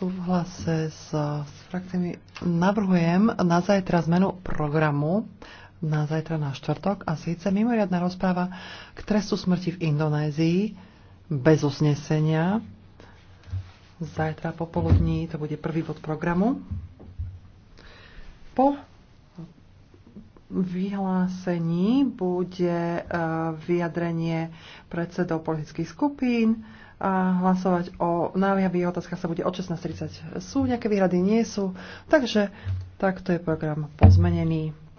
súhlase s, s frakciami navrhujem na zajtra zmenu programu na zajtra na štvrtok a síce mimoriadná rozpráva k trestu smrti v Indonézii bez usnesenia. Zajtra popoludní to bude prvý bod programu. Po vyhlásení bude e, vyjadrenie predsedov politických skupín a hlasovať o naliavých otázkach sa bude od 16.30. Sú nejaké výhrady? Nie sú. Takže takto je program pozmenený.